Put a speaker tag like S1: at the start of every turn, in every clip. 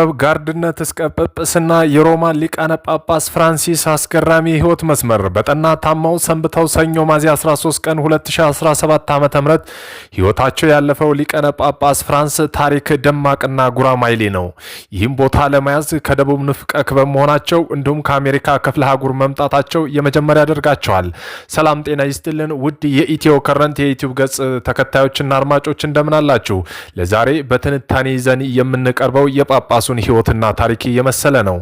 S1: ጥበብ ጋርድነት እስከ ጵጵስና የሮማ ሊቃነ ጳጳስ ፍራንሲስ አስገራሚ የህይወት መስመር በጠና ታማው ሰንብተው ሰኞ ሚያዝያ 13 ቀን 2017 ዓ.ም ህይወታቸው ያለፈው ሊቃነ ጳጳስ ፍራንስ ታሪክ ደማቅና ጉራማይሌ ነው። ይህም ቦታ ለመያዝ ከደቡብ ንፍቀክ በመሆናቸው እንዲሁም ከአሜሪካ ክፍለ አህጉር መምጣታቸው የመጀመሪያ ያደርጋቸዋል። ሰላም ጤና ይስጥልን ውድ የኢትዮ ከረንት የዩቲዩብ ገጽ ተከታዮችና አድማጮች እንደምን አላችሁ? ለዛሬ በትንታኔ ይዘን የምንቀርበው የጳጳሱ የራሱን ሕይወትና ታሪክ የመሰለ ነው።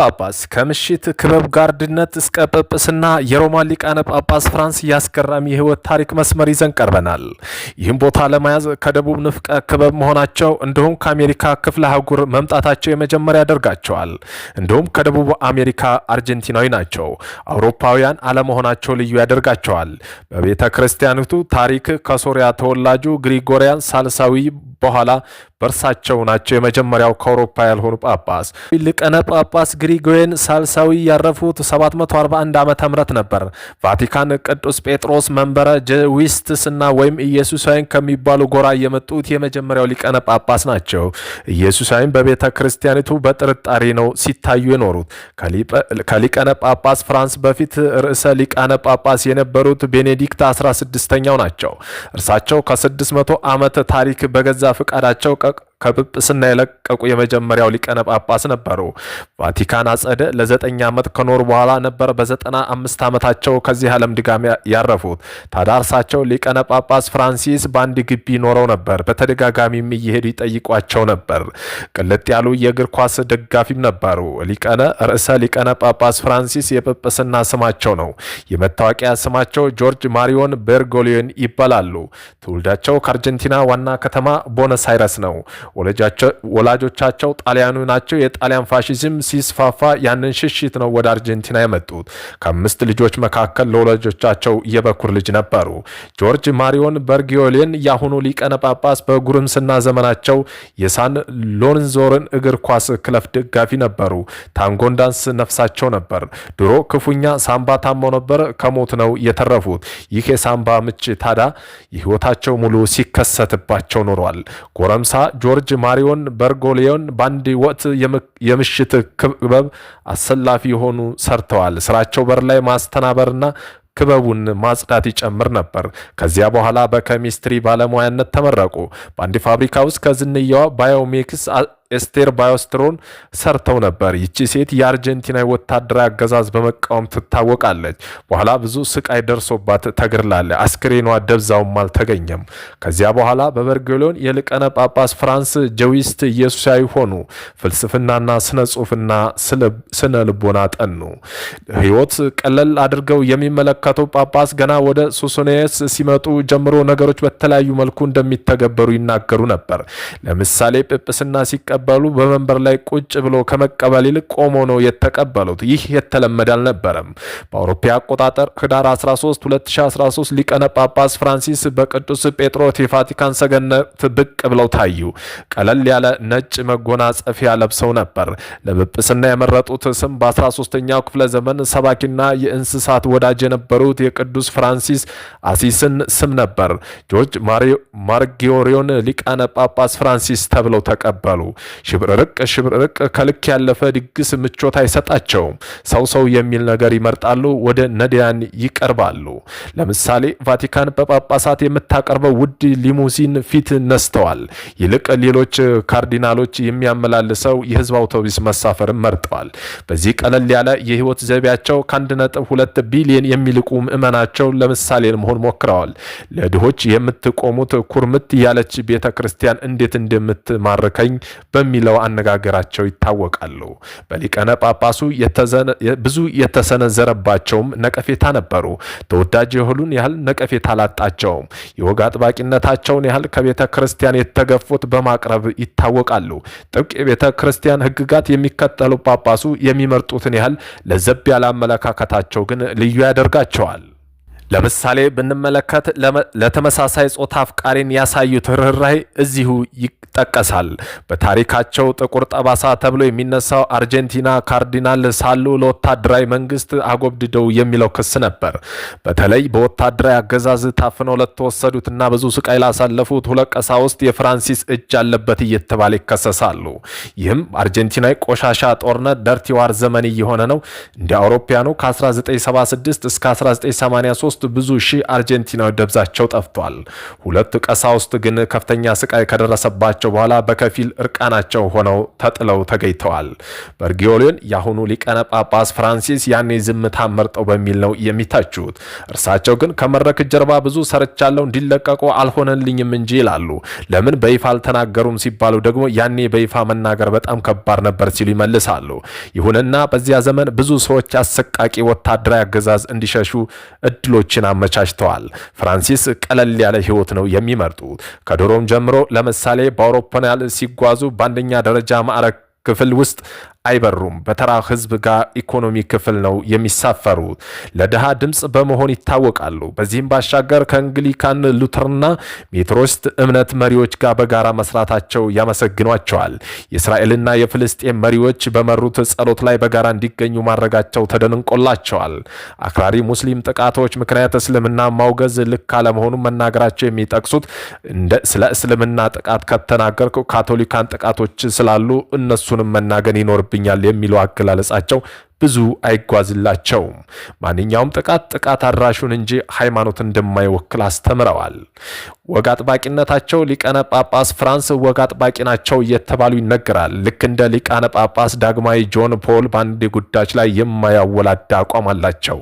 S1: ጳጳስ ከምሽት ክበብ ጋርድነት እስከ ጵጵስና የሮማ ሊቃነ ጳጳስ ፍራንስ ያስገራሚ የህይወት ታሪክ መስመር ይዘን ቀርበናል። ይህም ቦታ ለመያዝ ከደቡብ ንፍቀ ክበብ መሆናቸው እንዲሁም ከአሜሪካ ክፍለ አህጉር መምጣታቸው የመጀመሪያ ያደርጋቸዋል። እንዲሁም ከደቡብ አሜሪካ አርጀንቲናዊ ናቸው። አውሮፓውያን አለመሆናቸው ልዩ ያደርጋቸዋል። በቤተ ክርስቲያኒቱ ታሪክ ከሶሪያ ተወላጁ ግሪጎሪያን ሳልሳዊ በኋላ በእርሳቸው ናቸው የመጀመሪያው ከአውሮፓ ያልሆኑ ጳጳስ። ሊቀነ ጳጳስ ግሪጎን ሳልሳዊ ያረፉት 741 ዓመተ ምህረት ነበር። ቫቲካን ቅዱስ ጴጥሮስ መንበረ እና ወይም ኢየሱሳዊን ከሚባሉ ጎራ የመጡት የመጀመሪያው ሊቀነ ጳጳስ ናቸው። ኢየሱሳዊን በቤተ ክርስቲያኒቱ በጥርጣሬ ነው ሲታዩ የኖሩት። ከሊቀነ ጳጳስ ፍራንስ በፊት ርዕሰ ሊቃነ ጳጳስ የነበሩት ቤኔዲክት 16ኛው ናቸው። እርሳቸው ከ600 ዓመት ታሪክ በገዛ ፈቃዳቸው как ከጵጵስና የለቀቁ የመጀመሪያው ሊቀነ ጳጳስ ነበሩ። ቫቲካን አጸደ ለዘጠኝ ዓመት ከኖሩ በኋላ ነበር በዘጠና አምስት ዓመታቸው ከዚህ ዓለም ድጋሚ ያረፉት። ታዳርሳቸው ሊቀነ ጳጳስ ፍራንሲስ በአንድ ግቢ ኖረው ነበር። በተደጋጋሚም እየሄዱ ይጠይቋቸው ነበር። ቅልጥ ያሉ የእግር ኳስ ደጋፊም ነበሩ። ሊቀነ ርዕሰ ሊቀነ ጳጳስ ፍራንሲስ የጵጵስና ስማቸው ነው። የመታወቂያ ስማቸው ጆርጅ ማሪዮን ቤርጎሊዮን ይባላሉ። ትውልዳቸው ከአርጀንቲና ዋና ከተማ ቦነስ አይረስ ነው። ወላጆቻቸው ጣሊያኑ ናቸው። የጣሊያን ፋሽዝም ሲስፋፋ ያንን ሽሽት ነው ወደ አርጀንቲና የመጡት። ከአምስት ልጆች መካከል ለወላጆቻቸው የበኩር ልጅ ነበሩ። ጆርጅ ማሪዮን በርጊዮሌን የአሁኑ ሊቀነ ጳጳስ በጉርምስና ዘመናቸው የሳን ሎንዞርን እግር ኳስ ክለፍ ደጋፊ ነበሩ። ታንጎንዳንስ ነፍሳቸው ነበር። ድሮ ክፉኛ ሳምባ ታመው ነበር። ከሞት ነው የተረፉት። ይህ የሳምባ ምች ታዳ የህይወታቸው ሙሉ ሲከሰትባቸው ኖሯል። ጎረምሳ ጆርጅ ጆርጅ ማሪዮን በርጎሊዮን በአንድ ወቅት የምሽት ክበብ አሰላፊ የሆኑ ሰርተዋል። ስራቸው በር ላይ ማስተናበርና ክበቡን ማጽዳት ይጨምር ነበር። ከዚያ በኋላ በኬሚስትሪ ባለሙያነት ተመረቁ። በአንድ ፋብሪካ ውስጥ ከዝንያዋ ባዮሜክስ ኤስቴር ባዮስትሮን ሰርተው ነበር። ይቺ ሴት የአርጀንቲና ወታደራዊ አገዛዝ በመቃወም ትታወቃለች። በኋላ ብዙ ስቃይ ደርሶባት ተገድላለች። አስክሬኗ ደብዛውም አልተገኘም። ከዚያ በኋላ በበርጌሎን የልቀነ ጳጳስ ፍራንስ ጀዊስት ኢየሱሳዊ ሆኑ። ፍልስፍናና ስነ ጽሁፍና ስነ ልቦና ጠኑ። ህይወት ቀለል አድርገው የሚመለከተው ጳጳስ ገና ወደ ሱሱኔስ ሲመጡ ጀምሮ ነገሮች በተለያዩ መልኩ እንደሚተገበሩ ይናገሩ ነበር። ለምሳሌ ጵጵስና ሲቀ ሲቀበሉ በመንበር ላይ ቁጭ ብሎ ከመቀበል ይልቅ ቆሞ ነው የተቀበሉት። ይህ የተለመደ አልነበረም። በአውሮፓ አቆጣጠር ህዳር 13 2013 ሊቀነ ጳጳስ ፍራንሲስ በቅዱስ ጴጥሮስ የቫቲካን ሰገነት ብቅ ብለው ታዩ። ቀለል ያለ ነጭ መጎናጸፊያ ለብሰው ነበር። ለጵጵስና የመረጡት ስም በ13ኛው ክፍለ ዘመን ሰባኪና የእንስሳት ወዳጅ የነበሩት የቅዱስ ፍራንሲስ አሲስን ስም ነበር። ጆርጅ ማርጊዮሪዮን ሊቃነ ጳጳስ ፍራንሲስ ተብለው ተቀበሉ። ሽብረረቅ ሽብረረቅ ከልክ ያለፈ ድግስ ምቾት አይሰጣቸውም። ሰው ሰው የሚል ነገር ይመርጣሉ፣ ወደ ነዳያን ይቀርባሉ። ለምሳሌ ቫቲካን በጳጳሳት የምታቀርበው ውድ ሊሙዚን ፊት ነስተዋል። ይልቅ ሌሎች ካርዲናሎች የሚያመላልሰው የህዝብ አውቶቡስ መሳፈርን መርጠዋል። በዚህ ቀለል ያለ የህይወት ዘይቤያቸው ከአንድ ነጥብ ሁለት ቢሊዮን የሚልቁ ምዕመናቸው ለምሳሌ መሆን ሞክረዋል። ለድሆች የምትቆሙት ኩርምት ያለች ቤተ ክርስቲያን እንዴት እንደምትማርከኝ በሚለው አነጋገራቸው ይታወቃሉ። በሊቀነ ጳጳሱ ብዙ የተሰነዘረባቸውም ነቀፌታ ነበሩ። ተወዳጅ የሆኑን ያህል ነቀፌታ አላጣቸውም። የወግ አጥባቂነታቸውን ያህል ከቤተ ክርስቲያን የተገፉት በማቅረብ ይታወቃሉ። ጥብቅ የቤተ ክርስቲያን ሕግጋት የሚከተሉ ጳጳሱ የሚመርጡትን ያህል ለዘብ ያለ አመለካከታቸው ግን ልዩ ያደርጋቸዋል። ለምሳሌ ብንመለከት ለተመሳሳይ ጾታ አፍቃሪን ያሳዩት ርኅራኄ እዚሁ ይጠቀሳል። በታሪካቸው ጥቁር ጠባሳ ተብሎ የሚነሳው አርጀንቲና ካርዲናል ሳሉ ለወታደራዊ መንግስት አጎብድደው የሚለው ክስ ነበር። በተለይ በወታደራዊ አገዛዝ ታፍነው ለተወሰዱትና ብዙ ስቃይ ላሳለፉት ሁለት ቀሳውስት የፍራንሲስ እጅ አለበት እየተባለ ይከሰሳሉ። ይህም አርጀንቲናዊ ቆሻሻ ጦርነት ደርቲዋር ዘመን እየሆነ ነው። እንደ አውሮፓያኑ ከ1976 እስከ 1983 ውስጥ ብዙ ሺህ አርጀንቲናዊ ደብዛቸው ጠፍቷል። ሁለቱ ቀሳውስት ግን ከፍተኛ ስቃይ ከደረሰባቸው በኋላ በከፊል እርቃናቸው ሆነው ተጥለው ተገኝተዋል። በርጊዮሊን የአሁኑ ሊቀነ ጳጳስ ፍራንሲስ ያኔ ዝምታ መርጠው በሚል ነው የሚታችሁት። እርሳቸው ግን ከመድረክ ጀርባ ብዙ ሰርቻለው እንዲለቀቁ አልሆነልኝም እንጂ ይላሉ። ለምን በይፋ አልተናገሩም ሲባሉ ደግሞ ያኔ በይፋ መናገር በጣም ከባድ ነበር ሲሉ ይመልሳሉ። ይሁንና በዚያ ዘመን ብዙ ሰዎች አሰቃቂ ወታደራዊ አገዛዝ እንዲሸሹ እድሎች መንገዶችን አመቻችተዋል። ፍራንሲስ ቀለል ያለ ህይወት ነው የሚመርጡ። ከድሮም ጀምሮ ለምሳሌ በአውሮፕላን ሲጓዙ በአንደኛ ደረጃ ማዕረግ ክፍል ውስጥ አይበሩም። በተራ ህዝብ ጋር ኢኮኖሚ ክፍል ነው የሚሳፈሩ። ለድሃ ድምፅ በመሆን ይታወቃሉ። በዚህም ባሻገር ከእንግሊካን ሉተርና ሜትሮስት እምነት መሪዎች ጋር በጋራ መስራታቸው ያመሰግኗቸዋል። የእስራኤልና የፍልስጤም መሪዎች በመሩት ጸሎት ላይ በጋራ እንዲገኙ ማድረጋቸው ተደንቆላቸዋል። አክራሪ ሙስሊም ጥቃቶች ምክንያት እስልምና ማውገዝ ልክ አለመሆኑን መናገራቸው የሚጠቅሱት ስለ እስልምና ጥቃት ከተናገር ካቶሊካን ጥቃቶች ስላሉ እነሱንም መናገን ይኖርብ ይኖርብኛል የሚለው አገላለጻቸው ብዙ አይጓዝላቸውም። ማንኛውም ጥቃት ጥቃት አድራሹን እንጂ ሃይማኖት እንደማይወክል አስተምረዋል። ወግ አጥባቂነታቸው ሊቃነ ጳጳስ ፍራንስ ወግ አጥባቂ ናቸው እየተባሉ ይነገራል። ልክ እንደ ሊቃነ ጳጳስ ዳግማዊ ጆን ፖል በአንድ ጉዳዮች ላይ የማያወላዳ አቋም አላቸው።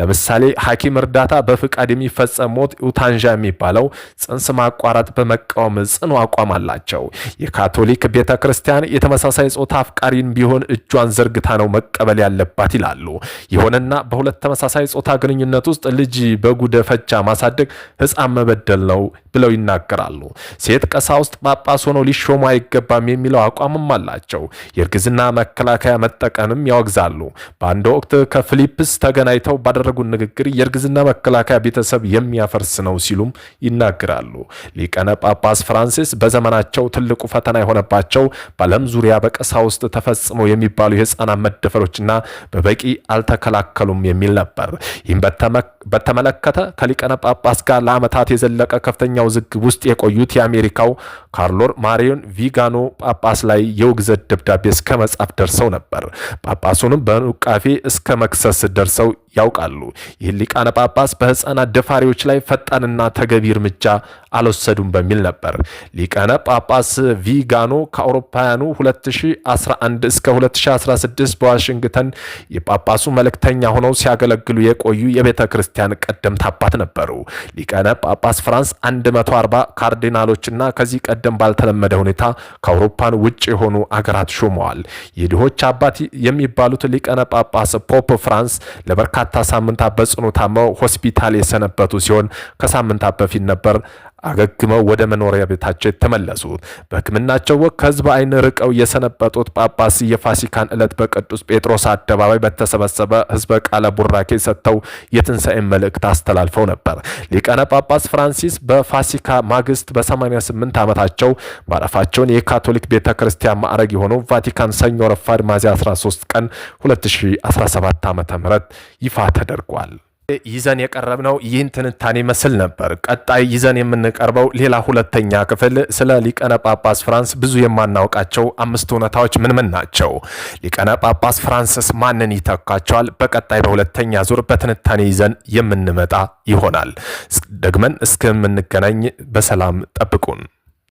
S1: ለምሳሌ ሐኪም እርዳታ በፍቃድ የሚፈጸም ሞት ኡታንዣ የሚባለው ጽንስ ማቋረጥ በመቃወም ጽኑ አቋም አላቸው። የካቶሊክ ቤተ ክርስቲያን የተመሳሳይ ጾታ አፍቃሪን ቢሆን እጇን ዘርግታ ነው መቀበል ያለ አለባት ይላሉ። ይሁንና በሁለት ተመሳሳይ ጾታ ግንኙነት ውስጥ ልጅ በጉደፈቻ ማሳደግ ህፃን መበደል ነው ብለው ይናገራሉ። ሴት ቀሳውስት ጳጳስ ሆነው ሊሾሙ አይገባም የሚለው አቋምም አላቸው። የእርግዝና መከላከያ መጠቀምም ያወግዛሉ። በአንድ ወቅት ከፊሊፕስ ተገናኝተው ባደረጉት ንግግር የእርግዝና መከላከያ ቤተሰብ የሚያፈርስ ነው ሲሉም ይናገራሉ። ሊቀነ ጳጳስ ፍራንሲስ በዘመናቸው ትልቁ ፈተና የሆነባቸው በዓለም ዙሪያ በቀሳውስት ተፈጽመው የሚባሉ የህፃናት መደፈሮችና በበቂ አልተከላከሉም የሚል ነበር። ይህም በተመለከተ ከሊቀነ ጳጳስ ጋር ለአመታት የዘለቀ ከፍተኛ ውዝግብ ውስጥ የቆዩት የአሜሪካው ካርሎር ማሪዮን ቪጋኖ ጳጳስ ላይ የውግዘት ደብዳቤ እስከ መጻፍ ደርሰው ነበር። ጳጳሱንም በኑቃፌ እስከ መክሰስ ደርሰው ያውቃሉ። ይህን ሊቃነ ጳጳስ በሕፃናት ደፋሪዎች ላይ ፈጣንና ተገቢ እርምጃ አልወሰዱም በሚል ነበር። ሊቃነ ጳጳስ ቪጋኖ ከአውሮፓውያኑ 2011 እስከ 2016 በዋሽንግተን የጳጳሱ መልእክተኛ ሆነው ሲያገለግሉ የቆዩ የቤተ ክርስቲያን ቀደምት አባት ነበሩ። ሊቃነ ጳጳስ ፍራንስ 140 ካርዲናሎችና ከዚህ ቀደም ባልተለመደ ሁኔታ ከአውሮፓን ውጭ የሆኑ አገራት ሾመዋል። የድሆች አባት የሚባሉት ሊቀነ ጳጳስ ፖፕ ፍራንስ ለበርካታ ለበርካታ ሳምንታት በጽኑ ታመው ሆስፒታል የሰነበቱ ሲሆን ከሳምንታት በፊት ነበር አገግመው ወደ መኖሪያ ቤታቸው የተመለሱት። በሕክምናቸው ወቅት ከህዝብ አይን ርቀው የሰነበጡት ጳጳስ የፋሲካን ዕለት በቅዱስ ጴጥሮስ አደባባይ በተሰበሰበ ህዝበ ቃለ ቡራኬ ሰጥተው የትንሣኤን መልእክት አስተላልፈው ነበር። ሊቀነ ጳጳስ ፍራንሲስ በፋሲካ ማግስት በ88 ዓመታቸው ማረፋቸውን የካቶሊክ ቤተ ክርስቲያን ማዕረግ የሆነው ቫቲካን ሰኞ ረፋድ ሚያዝያ 13 ቀን 2017 ዓ.ም ይፋ ተደርጓል። ይዘን የቀረብነው ይህን ትንታኔ መስል ነበር። ቀጣይ ይዘን የምንቀርበው ሌላ ሁለተኛ ክፍል ስለ ሊቀነ ጳጳስ ፍራንስ ብዙ የማናውቃቸው አምስት እውነታዎች ምን ምን ናቸው? ሊቀነ ጳጳስ ፍራንስስ ማንን ይተካቸዋል? በቀጣይ በሁለተኛ ዙር በትንታኔ ይዘን የምንመጣ ይሆናል። ደግመን እስከምንገናኝ በሰላም ጠብቁን።